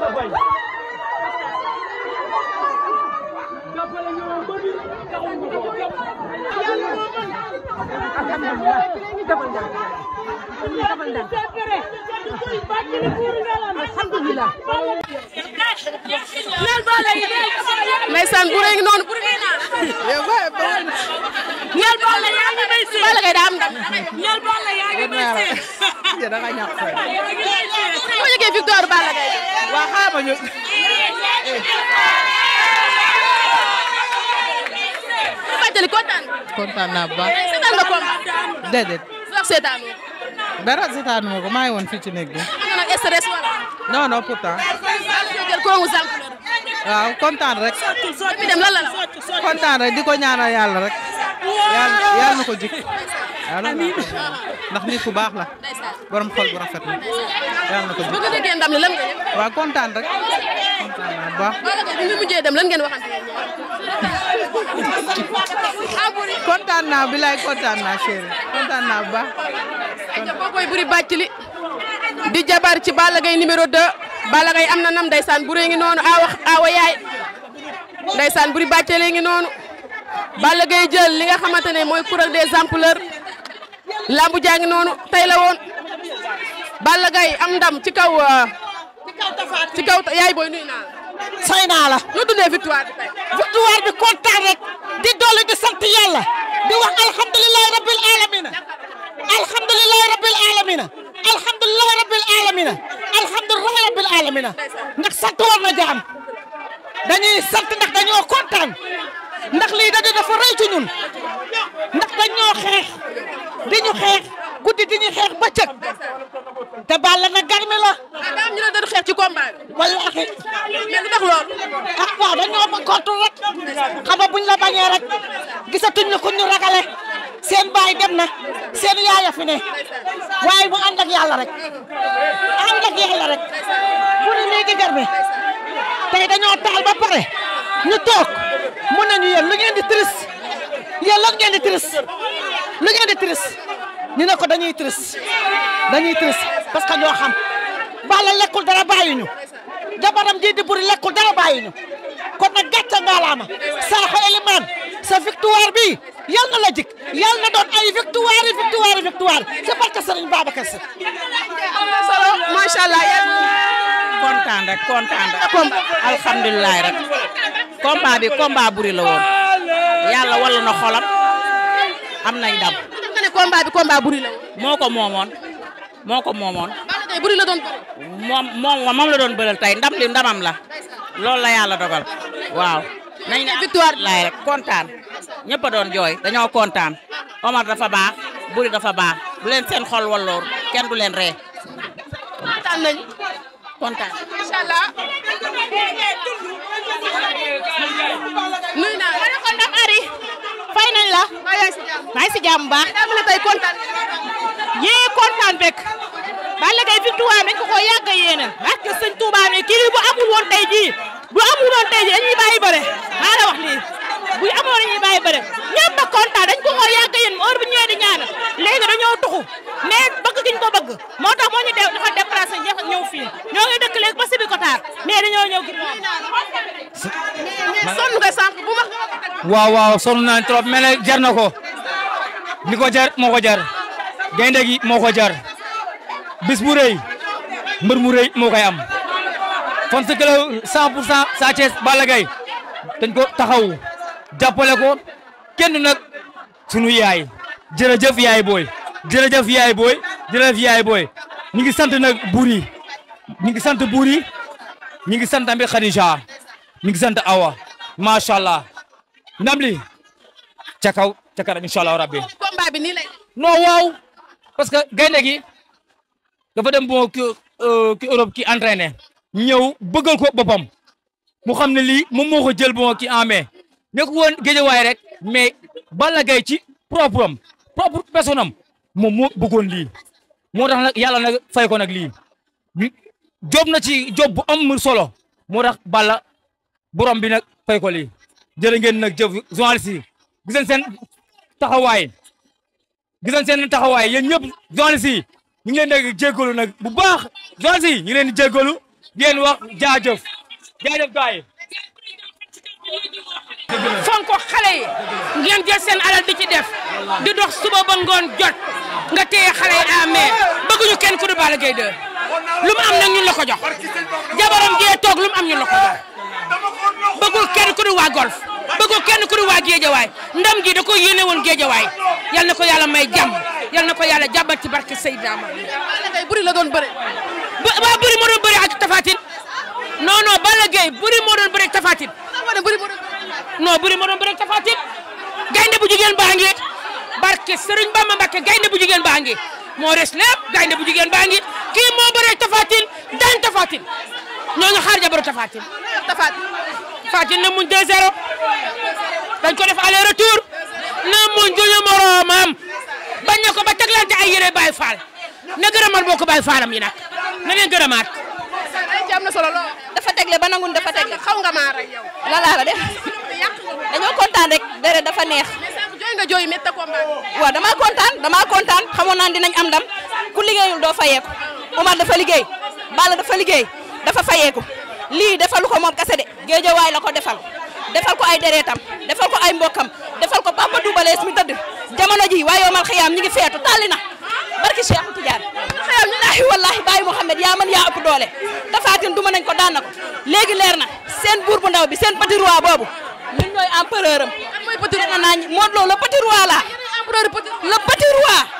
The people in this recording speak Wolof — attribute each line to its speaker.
Speaker 1: Давай,
Speaker 2: alhamdulilah ndeysaan bu rëy noonu bu rëy naa ñeel bool la yaa ngi bay seen bala kay daa am
Speaker 3: ndam ñeel bool la yaa ngi bay seen da nga ñàkk fay bu
Speaker 2: ma jógee victoire bala kay waa xaama ñu Jëli kontaan nga. kontaan naa bu baax. seetaan nga combat. déedéet. sax seetaanu.
Speaker 3: dara seetaanu ma ko maa ngi woon fii ci néeg bi. am
Speaker 2: na stress wala.
Speaker 3: non non pourtant. waaw kontaan rek.
Speaker 2: dem lan la la. kontaan rek di ko ñaanal yàlla rek. yàlla yàlla na ko jik amiin ndax nit ku baax la.
Speaker 3: borom xol bu rafet la. yàlla na ko jik bëgg nga ndam li lan nga. waaw kontaan rek. kontaan naa bu baax.
Speaker 2: bi nga mujjee dem lan ngeen waxante. kontaan naa bilaay kontaan naa chérie kontaan naa bu baax. buri bàcc li di jabar ci Balla gay numéro 2 Balla Gaye am na nam ndeysaan buree ngi noonu awa awa yaay ndeysaan buri bàccelee ngi noonu Balla Gaye jël li nga xamante ne mooy coureur des ampleurs lambu ngi noonu tey la woon Balla am ndam ci kaw euh, ci kaw yaay booy nuyu naa say naa la. ñu dundee victoire bi tey. victoire bi kontaan rek di dolli di sant yàlla di wax alhamdulilah
Speaker 3: rabbil alamina alhamdulilah ndax sant war na jaam dañuy sant ndax dañoo kontaan ndax lii dañu dafa rëy ci ñun ndax dañoo xeex di ñu xeex. guddi di ñu xeex bëccëg te Balla nag garmi la. ah daa am ñu ne dañu xeex ci combat bi. wallaahi. mais lu tax loolu. ah waaw dañoo rek xam buñ la bañee rek gisatuñ la ku ñu ragale seen baay dem na seen yaaya fi ne waaye mu ànd ak yàlla rek ànd ak yàlla rek bu ne nii di garmi tey dañoo taal ba pare ñu toog mun nañu yéen lu ngeen di triste yéen lan ngeen di triste lu ngeen di triste. ñu ne ko dañuy triste dañuy triste parce que ñoo xam Balla lekkul dara bàyyiñu jabaram ji di buri lekkul dara bàyyiñu kon nag gàcce ngaalaama saraxo Elimane sa victoire bi yal na la jik na doon ay victoire yi victoire yi victoire c'est parce que Serigne Babacar Sy macha allah kontaan rek kontaan rek buri la woon yàlla wala na
Speaker 2: am nañ ndam ne combat bi combat buri la moo ko moomoon moo ko moomoon. Balla Gaye buri la doon bëri. moom moom moom la doon bëral tey ndam li ndamam la loolu la yàlla dogal waaw. nañ ne victoire laay kontaan ñëpp doon jooy dañoo kontaan Omar dafa baax buri dafa baa bu leen seen xol walloor kenn du leen ree. kontaan nañ la. maa ngi si jàmm bu baax. dama la tey kontaan. yee kontaan bekk. Balla Gaye victoire dañ ko koo yàgg a yéene. parce que sëñ Touba woon tey jii bu amul woon tey jii dañuy bàyyi bëre maa la wax lii. bu ñu amoon dañuy bàyyi bëre ñëpp ba kontaan dañ ko xool yàgg yéen heure bu ñëwee di ñaana léegi dañoo tuxu mais bëgg giñ ko bëgg moo tax moo ñu de dafa déplacé jeex ñëw fii ñoo ngi dëkk léegi ba sibi ko taar mais dañoo ñëw gi sonn nga sànq bu ma
Speaker 1: waaw waaw sonn naa trop mais jar na ko ni ko jar moo ko jar gaynde gi moo ko jar bis mu rëy mbër mu réy moo koy am fan sa kilo 100 pour cent Sa Thiès dañ ko taxaw jàppale ko kenn nag sunu yaay jërëjëf yaay booy jërëjëf yaay booy jërëjëf booy ñu ngi sant nag buur yi ñu ngi sant buur yi ñu ngi sant tamit Khadija ñu ngi sant Awa macha allah ndam li ca kaw ca kanam allah rabbi combat bi nii lay parce que gaynde gi dafa dem bon ki euh, ki Europe ki entraîné ñëw bëggal ko boppam mu ne lii moom moo ko ki en nekk woon waay rek mais Balla Gaye ci propre am propre personne am moom moo bëggoon lii moo tax na yàlla nag fay ko nag lii job na ci job bu am solo moo tax bala borom bi nag fay li lii jërë ngeen nag jëf journaliste yi gis ngeen seen taxawaay gis ngeen seen taxawaay yéen ñëpp journaliste yi ñu ngi leen nag jéggalu nag bu baax journaliste yi ñu leen di jéggalu di wax jaajëf jaajëf gaay
Speaker 2: fonk xale yi ngeen jël seen alal di ci def di dox suba ba ngoon jot nga téye xale yi amee bëgguñu kenn ku du Balla Gaye 2 lu mu am nag ñun la ko jox jabaram jee toog lu am ñun la ko jox bëggul kenn ku du waa golf bëggul kenn ku du waa géejawaay ndam ji da ko yéene woon géejawaay yal na ko yàlla may jàmm yal na ko yàlla jàbbal ci barke Seydina Muhammad Balla Gaye la doon bëri waa bëri moo doon bëri ak Tapha Tine non non Balla Gaye bëri doon bëri ak Tapha noo bëri ma doon bëri Tapha Tine gaynde bu jigéen baa ngi barke Serigne Bamba Mbacké gaynde bu jigéen baa ngi moo res lépp gaynde bu jigéen baa ngi kii moo bëri Tapha Tine daan ñoo ngi xaar jabaru Tapha Tine Tapha Tine na muñ 2-0 dañ ko def aller retour na muñ duñu moroomam bañ na ko ba teglante ay yére Baye Fall na gërëmal boo ko Baye Fallam yi na na solo lool dafa tegle ba nangun dafa tegle xaw nga maa rey yow la laa de def dañoo kontaan rek dere dafa neex jooy nga jooy métti combat waaw damaa kontaan damaa kontaan xamoon naa dinañ am ndam ku liggéeyul doo fayeeku Omar dafa liggéey Balla dafa liggéey dafa fayeeku lii defalu ko moom kase de géejawaay la ko defal defal ko ay deretam defal ko ay mbokkam defal ko Papa Doubalees mi tëdd jamono ji waaye yomal xiyaam ñu ngi feetu tàlli na barki Cheikh Tidiane xëyam ñu laahi wallahi bàyyi Mouhamed yaa man waxoon léegi leer na seen buur bu ndaw bi seen petit roi boobu ñun ñooy empereur am. mooy la nañ Modou Lo la.
Speaker 3: le petit